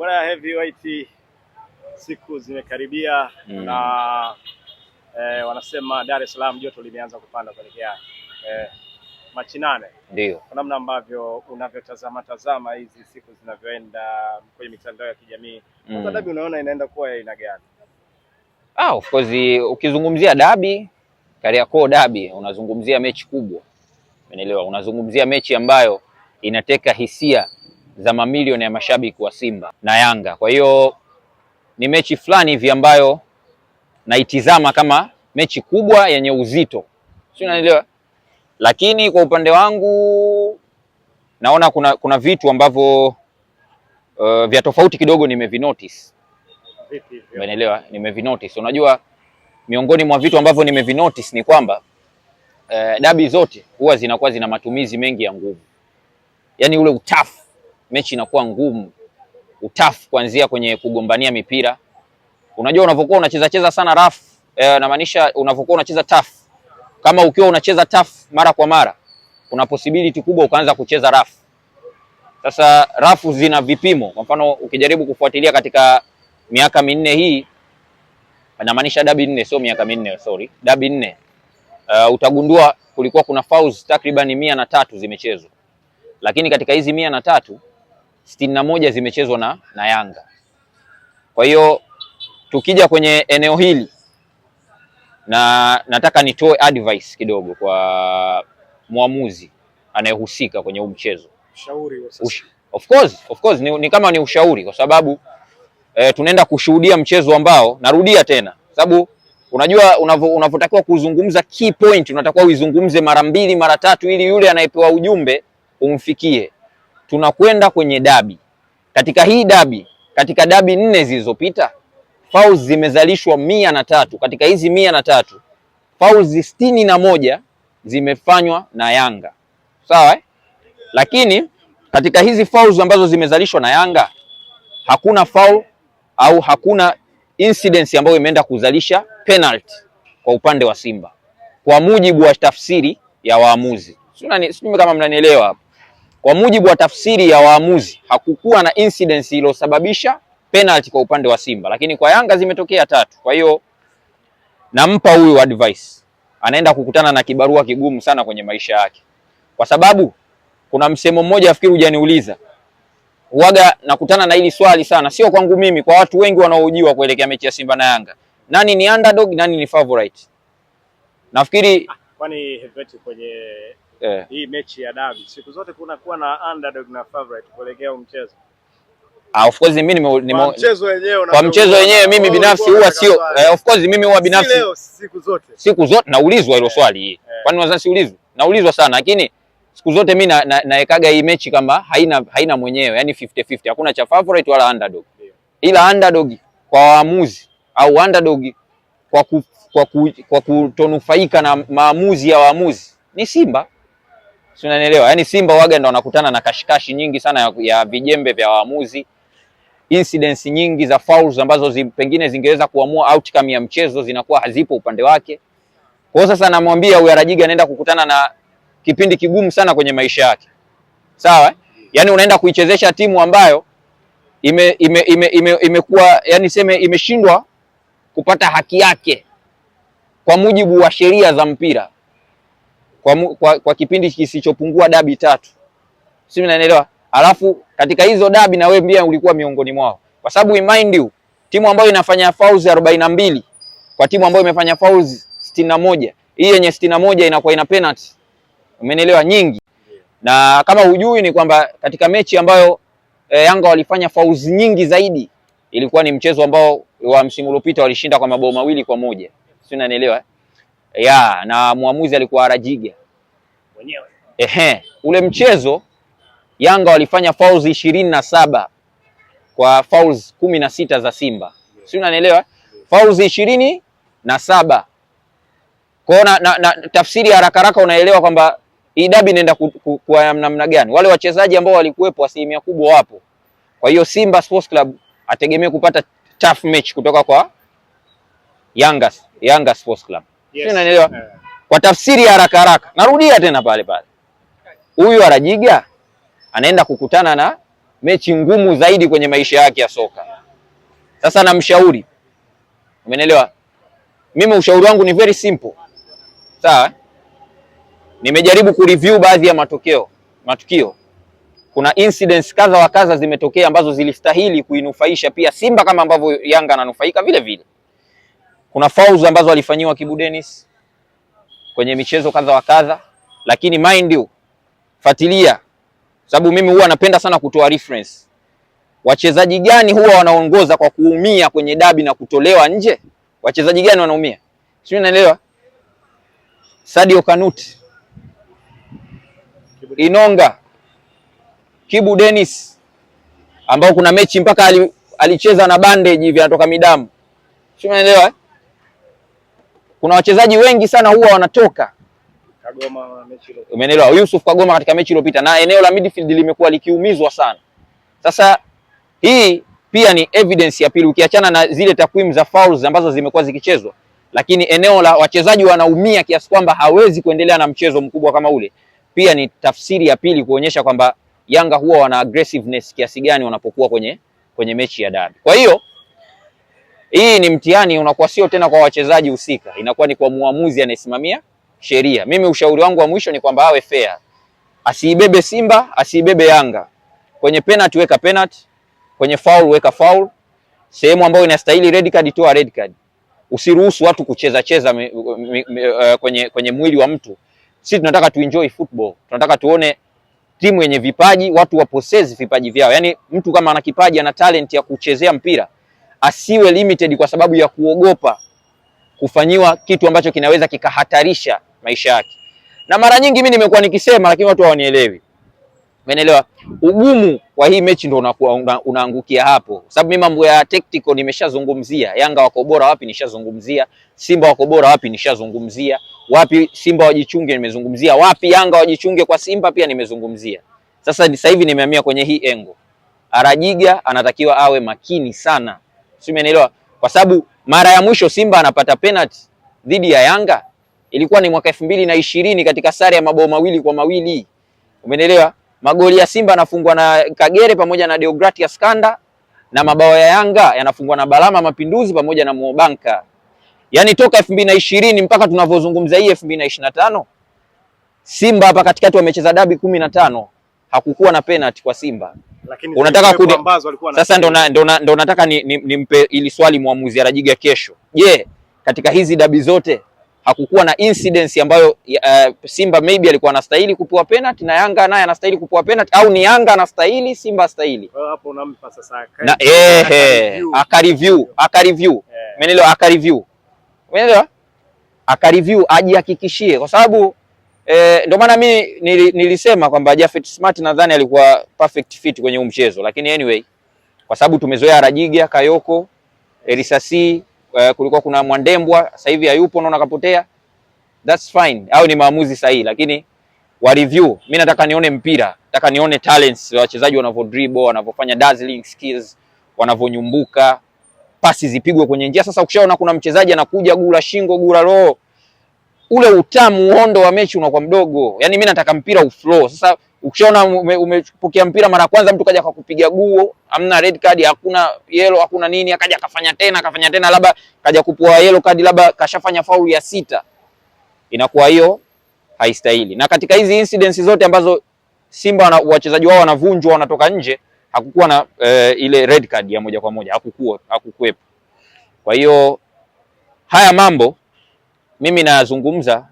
Bwana Heavyweight, siku zimekaribia mm. na eh, wanasema Dar es Salaam joto limeanza kupanda kuelekea eh, Machi nane. Ndio kwa namna ambavyo unavyotazama tazama hizi siku zinavyoenda kwenye mitandao ya kijamii mm. dabi unaona inaenda kuwa ya aina gani? Ah, of course ukizungumzia dabi Kariakoo dabi unazungumzia mechi kubwa, umeelewa? Unazungumzia mechi ambayo inateka hisia za mamilioni ya mashabiki wa Simba na Yanga. Kwa hiyo ni mechi fulani hivi ambayo naitizama kama mechi kubwa yenye uzito, si unanielewa? Lakini kwa upande wangu naona kuna, kuna vitu ambavyo uh, vya tofauti kidogo nimevinotice. Umeelewa? Nimevinotice. Unajua, miongoni mwa vitu ambavyo nimevinotice ni kwamba uh, dabi zote huwa zinakuwa zina matumizi mengi ya nguvu, yaani ule utafu mechi inakuwa ngumu, utafu kuanzia kwenye kugombania mipira. Unajua unavyokuwa unacheza cheza sana rafu e, eh, namaanisha unavyokuwa unacheza tough. Kama ukiwa unacheza tough mara kwa mara, kuna possibility kubwa ukaanza kucheza rafu. Sasa rafu zina vipimo. Kwa mfano ukijaribu kufuatilia katika miaka minne hii, namaanisha dabi nne, sio miaka minne, sorry, dabi nne Uh, utagundua kulikuwa kuna fouls takriban mia na tatu zimechezwa, lakini katika hizi mia na tatu sitini na moja zimechezwa na, na Yanga. Kwa hiyo tukija kwenye eneo hili na nataka nitoe advice kidogo kwa mwamuzi anayehusika kwenye huu mchezo. Ushauri wa sasa. Of course, of course ni, ni kama ni ushauri kwa sababu eh, tunaenda kushuhudia mchezo ambao narudia tena sababu unajua unavyotakiwa kuzungumza key point unatakiwa uizungumze mara mbili mara tatu ili yule anayepewa ujumbe umfikie tunakwenda kwenye dabi. Katika hii dabi, katika dabi nne zilizopita fauzi zimezalishwa mia na tatu. Katika hizi mia na tatu fauzi sitini na moja zimefanywa na Yanga, sawa eh? Lakini katika hizi fauzi ambazo zimezalishwa na Yanga hakuna faul au hakuna incidence ambayo imeenda kuzalisha penalty kwa upande wa Simba, kwa mujibu wa tafsiri ya waamuzi. Sijui kama mnanielewa hapo. Kwa mujibu wa tafsiri ya waamuzi, hakukuwa na incidence iliyosababisha penalty kwa upande wa Simba, lakini kwa Yanga zimetokea tatu. Kwa hiyo nampa huyu advice, anaenda kukutana na kibarua kigumu sana kwenye maisha yake, kwa sababu kuna msemo mmoja afikiri hujaniuliza huaga nakutana na hili swali sana, sio kwangu mimi, kwa watu wengi wanaojua kuelekea mechi ya Simba na Yanga, nani ni underdog, nani ni favorite? Nafikiri ah, kwani kwenye yeah. Hii mechi ya dabi siku zote kuna kuwa na underdog na favorite kuelekea mchezo. Ah, of course mimi nime, kwa mchezo wenyewe mimi oh, binafsi huwa sio uh, of course mimi huwa binafsi leo, siku zote siku zote naulizwa hilo eh. swali hii yeah. Kwani wazazi siulizwi? Naulizwa sana lakini siku zote mimi naekaga na, hii mechi kama haina haina mwenyewe yani 50 50 hakuna cha favorite wala underdog yeah. Ila underdog kwa waamuzi au underdog kwa, ku, kwa, ku, kwa kutonufaika na maamuzi ya waamuzi ni Simba si unanielewa? Yaani Simba waga ndo wanakutana na kashikashi nyingi sana ya, ya vijembe vya waamuzi, incidents nyingi za fouls ambazo zi, pengine zingeweza kuamua outcome ya mchezo zinakuwa hazipo upande wake. Kwa sasa namwambia huyu Arajiga anaenda kukutana na kipindi kigumu sana kwenye maisha yake, sawa? Yaani unaenda kuichezesha timu ambayo ime ime ime imekuwa yani seme imeshindwa kupata haki yake kwa mujibu wa sheria za mpira kwa, kwa, kwa kipindi kisichopungua dabi tatu, si mnaelewa? Alafu katika hizo dabi na wewe pia ulikuwa miongoni mwao, kwa sababu remind you timu ambayo inafanya fouls mbili kwa timu ambayo imefanya fouls moja hii yenye moja inakuwa ina penalty, umenielewa, nyingi. Na kama hujui ni kwamba katika mechi ambayo e, Yanga walifanya fouls nyingi zaidi ilikuwa ni mchezo ambao wa msimu uliopita walishinda kwa mabao mawili kwa moja, si unanielewa? ya na mwamuzi alikuwa Arajiga mwenyewe. Ehe, ule mchezo Yanga walifanya fouls ishirini na saba kwa fouls kumi na sita za Simba, si unanielewa? Fouls ishirini na saba kwao na, na, na tafsiri haraka haraka unaelewa kwamba hii dabi inaenda ku, ku, kwa namna gani. Wale wachezaji ambao walikuwepo asilimia kubwa wapo, kwa hiyo Simba Sports Club ategemee kupata tough match kutoka kwa Yanga, Yanga Sports Club yes. Unanielewa? Yeah. Kwa tafsiri ya haraka haraka, narudia tena pale pale, huyu Arajiga anaenda kukutana na mechi ngumu zaidi kwenye maisha yake ya soka. Sasa namshauri, umenielewa? Mimi ushauri wangu ni very simple, sawa. Nimejaribu kureview baadhi ya matokeo matukio, kuna incidents kadha wa kadha zimetokea ambazo zilistahili kuinufaisha pia Simba kama ambavyo Yanga ananufaika vile vile. Kuna fauzi ambazo alifanyiwa Kibu Dennis kwenye michezo kadha wa kadha, lakini mind you, fuatilia, sababu mimi huwa napenda sana kutoa reference wachezaji gani huwa wanaongoza kwa kuumia kwenye dabi na kutolewa nje. Wachezaji gani wanaumia? Si unaelewa? Sadio Kanuti, Inonga, Kibu Dennis ambao kuna mechi mpaka alicheza na bandage hivi anatoka midamu, Si unaelewa? Eh? kuna wachezaji wengi sana huwa wanatoka Kagoma mechi iliyopita. Umeelewa? Yusuf Kagoma katika mechi iliyopita na eneo la midfield limekuwa likiumizwa sana. Sasa hii pia ni evidence ya pili ukiachana na zile takwimu za fouls ambazo zimekuwa zikichezwa, lakini eneo la wachezaji wanaumia kiasi kwamba hawezi kuendelea na mchezo mkubwa kama ule, pia ni tafsiri ya pili kuonyesha kwamba Yanga huwa wana aggressiveness kiasi gani wanapokuwa kwenye, kwenye mechi ya dabi. Kwa hiyo hii ni mtihani unakuwa sio tena kwa wachezaji husika, inakuwa ni kwa muamuzi anayesimamia sheria. Mimi ushauri wangu wa mwisho ni kwamba awe fair, asiibebe Simba, asiibebe Yanga. Kwenye penalty weka penalty, kwenye foul weka foul, sehemu ambayo inastahili red card toa red card. Usiruhusu watu kucheza cheza me, me, me, uh, kwenye, kwenye mwili wa mtu. Sisi tunataka tuenjoy football, tunataka tuone timu yenye vipaji, watu wapossess vipaji vyao. Yaani mtu kama ana kipaji ana talent ya kuchezea mpira asiwe limited kwa sababu ya kuogopa kufanyiwa kitu ambacho kinaweza kikahatarisha maisha yake. Na mara nyingi mimi nimekuwa nikisema, lakini watu hawanielewi. Umeelewa? Ugumu wa hii mechi ndio unakuwa una, unaangukia hapo, sababu mimi mambo ya tactical nimeshazungumzia. Yanga wako bora wapi, nishazungumzia. Simba wako bora wapi, nishazungumzia. Wapi Simba wajichunge, nimezungumzia. Wapi Yanga wajichunge kwa Simba pia nimezungumzia. Sasa sasa hivi nimehamia kwenye hii engo. Arajiga anatakiwa awe makini sana si umeelewa? Kwa sababu mara ya mwisho Simba anapata penalty dhidi ya Yanga ilikuwa ni mwaka elfu mbili na ishirini katika sare ya mabao mawili kwa mawili umeelewa? Magoli ya Simba yanafungwa na Kagere pamoja na Deogratias Kanda na mabao ya Yanga yanafungwa na Balama Mapinduzi pamoja na Muobanka. Yaani toka elfu mbili na ishirini mpaka tunavyozungumza hii elfu mbili na ishirini na tano Simba hapa katikati wamecheza dabi kumi na tano hakukuwa na penalty kwa Simba unataka kuni... Sasa ndo nataka nimpe ili swali mwamuzi Arajiga kesho. Je, katika hizi dabi zote hakukuwa na incidence ambayo uh, Simba maybe alikuwa anastahili kupewa penalty na Yanga naye anastahili kupewa penalty au ni Yanga anastahili Simba astahili? Hapo unampa sasa na review aka review eh. umeelewa? review umeelewa? Akareview ajihakikishie, kwa sababu E, ndio maana mi nilisema kwamba Jafet Smart nadhani alikuwa perfect fit kwenye huu mchezo, lakini anyway, kwa sababu tumezoea Rajiga, Kayoko, Elisasi, eh, kulikuwa kuna Mwandembwa, sasa hivi hayupo, naona kapotea. That's fine, au ni maamuzi sahihi, lakini wa review, mimi nataka nione mpira, nataka nione talents wa wachezaji wanavyo dribble, wanavyofanya dazzling skills, wanavyonyumbuka, pasi zipigwe kwenye njia. Sasa ukishaona kuna mchezaji anakuja gura shingo, gura roho ule utamu uondo wa mechi unakuwa mdogo. Yaani mimi nataka mpira uflow. Sasa ukishaona umepokea ume mpira mara kwanza, mtu kaja akakupiga guo, amna red card, hakuna yellow, hakuna nini, akaja akafanya tena, akafanya tena, labda kaja kupoa yellow card, labda kashafanya faul ya sita, inakuwa hiyo haistahili. Na katika hizi incidents zote ambazo Simba na wachezaji wao wanavunjwa, wanatoka nje, hakukuwa na e, ile red card ya moja kwa moja, hakukuwa hakukuwepo. Kwa hiyo haya mambo mimi nayazungumza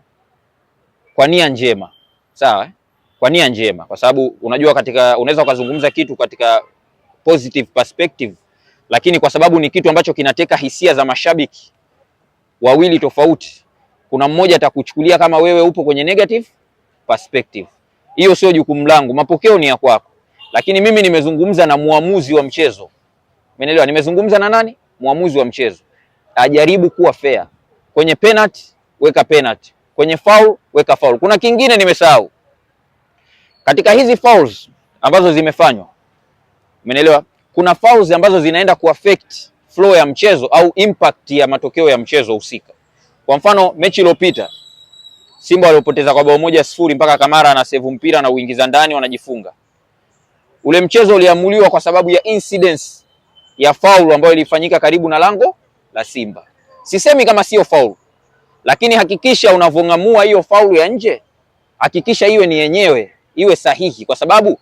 kwa nia njema, sawa eh? Kwa nia njema, kwa sababu unajua katika unaweza ukazungumza kitu katika positive perspective, lakini kwa sababu ni kitu ambacho kinateka hisia za mashabiki wawili tofauti, kuna mmoja atakuchukulia kama wewe upo kwenye negative perspective. Hiyo sio jukumu langu, mapokeo ni ya kwako, lakini mimi nimezungumza na muamuzi wa mchezo. Umeelewa? Nimezungumza na nani? Muamuzi wa mchezo. Ajaribu kuwa fair kwenye penalty weka penalty, kwenye foul weka foul. Kuna kingine nimesahau katika hizi fouls ambazo zimefanywa, umeelewa? Kuna fouls ambazo zinaenda kuaffect flow ya mchezo au impact ya matokeo ya mchezo husika. Kwa mfano mechi iliyopita Simba waliopoteza kwa bao moja sifuri mpaka Kamara ana save mpira na uingiza ndani wanajifunga. Ule mchezo uliamuliwa kwa sababu ya incidents ya faulu ambayo ilifanyika karibu na lango la Simba. Sisemi kama sio faulu, lakini hakikisha unavong'amua hiyo faulu ya nje, hakikisha iwe ni yenyewe, iwe sahihi, kwa sababu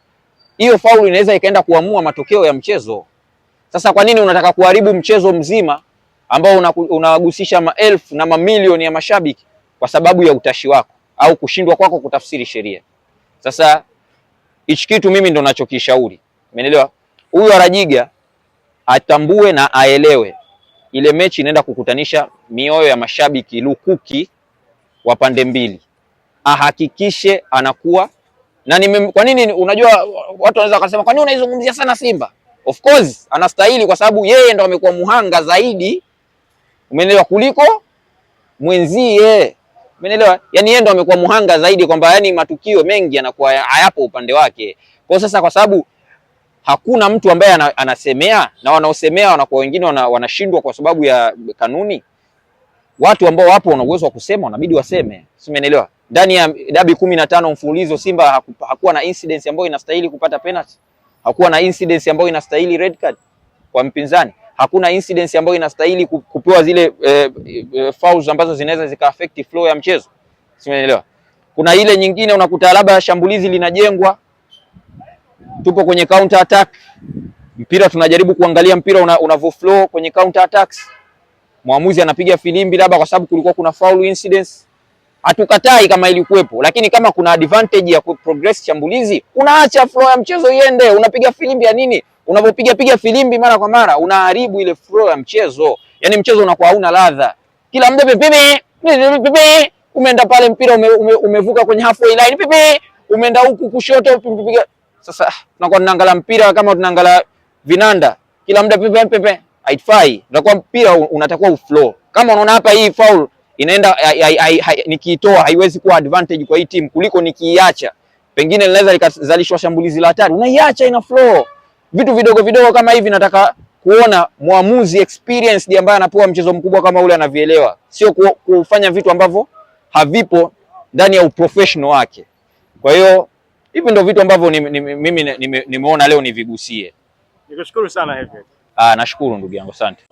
hiyo faulu inaweza ikaenda kuamua matokeo ya mchezo. Sasa kwa nini unataka kuharibu mchezo mzima ambao unawagusisha maelfu na mamilioni ya mashabiki kwa sababu ya utashi wako au kushindwa kwako kutafsiri sheria? Sasa hichi kitu mimi ndo nachokishauri, umeelewa? Huyu Arajiga atambue na aelewe ile mechi inaenda kukutanisha mioyo ya mashabiki lukuki wa pande mbili, ahakikishe anakuwa na nime. Kwa nini? Unajua watu wanaweza wakasema kwa nini unaizungumzia sana Simba? Of course anastahili, kwa sababu yeye ndo amekuwa muhanga zaidi, umeelewa, kuliko mwenzie, umeelewa? Yani yeye ndo amekuwa muhanga zaidi, kwamba yani matukio mengi yanakuwa hayapo upande wake. Kwa sasa, kwa sababu hakuna mtu ambaye anasemea na wanaosemea wanakuwa wengine wanashindwa kwa sababu ya kanuni. Watu ambao wapo wana uwezo wa kusema wanabidi waseme, si umeelewa? Ndani ya dabi kumi na tano mfululizo Simba hakuwa na incidence ambayo inastahili kupata penalty, hakuwa na incidence ambayo inastahili red card kwa mpinzani, hakuna incidence ambayo inastahili kupewa zile eh, eh, fouls ambazo zinaweza zika affect flow ya mchezo, si umeelewa? Kuna ile nyingine unakuta labda shambulizi linajengwa tupo kwenye counter attack mpira, tunajaribu kuangalia mpira una, unavyo flow kwenye counter attacks. Mwamuzi anapiga filimbi labda kwa sababu kulikuwa kuna foul incidents, hatukatai kama ilikuwepo, lakini kama kuna advantage ya progress shambulizi, unaacha flow ya mchezo iende, unapiga filimbi ya nini? Unapopiga piga filimbi mara kwa mara unaharibu ile flow ya mchezo, yani mchezo unakuwa hauna ladha, kila mda pepepe pepepe, umeenda pale mpira ume, ume, umevuka kwenye halfway line pepepe, umeenda huku kushoto piga sasa tunakuwa tunaangalia mpira kama tunaangalia vinanda, kila muda pepe pepe, haifai. Utakuwa mpira unatakuwa uflow. Kama unaona hapa hii foul inaenda nikiitoa haiwezi kuwa advantage kwa hii timu kuliko nikiiacha, pengine linaweza likazalishwa shambulizi la hatari. Unaiacha ina flow. Vitu vidogo vidogo kama hivi nataka kuona mwamuzi experienced ambaye anapewa mchezo mkubwa kama ule anavielewa, sio kufanya vitu ambavyo havipo ndani ya uprofessional wake. Kwa hiyo Hivi ndio vitu ambavyo ni, ni, mimi nimeona ni, ni leo nivigusie. Nikushukuru sana Heavyweight. Ah, nashukuru ndugu yangu, asante.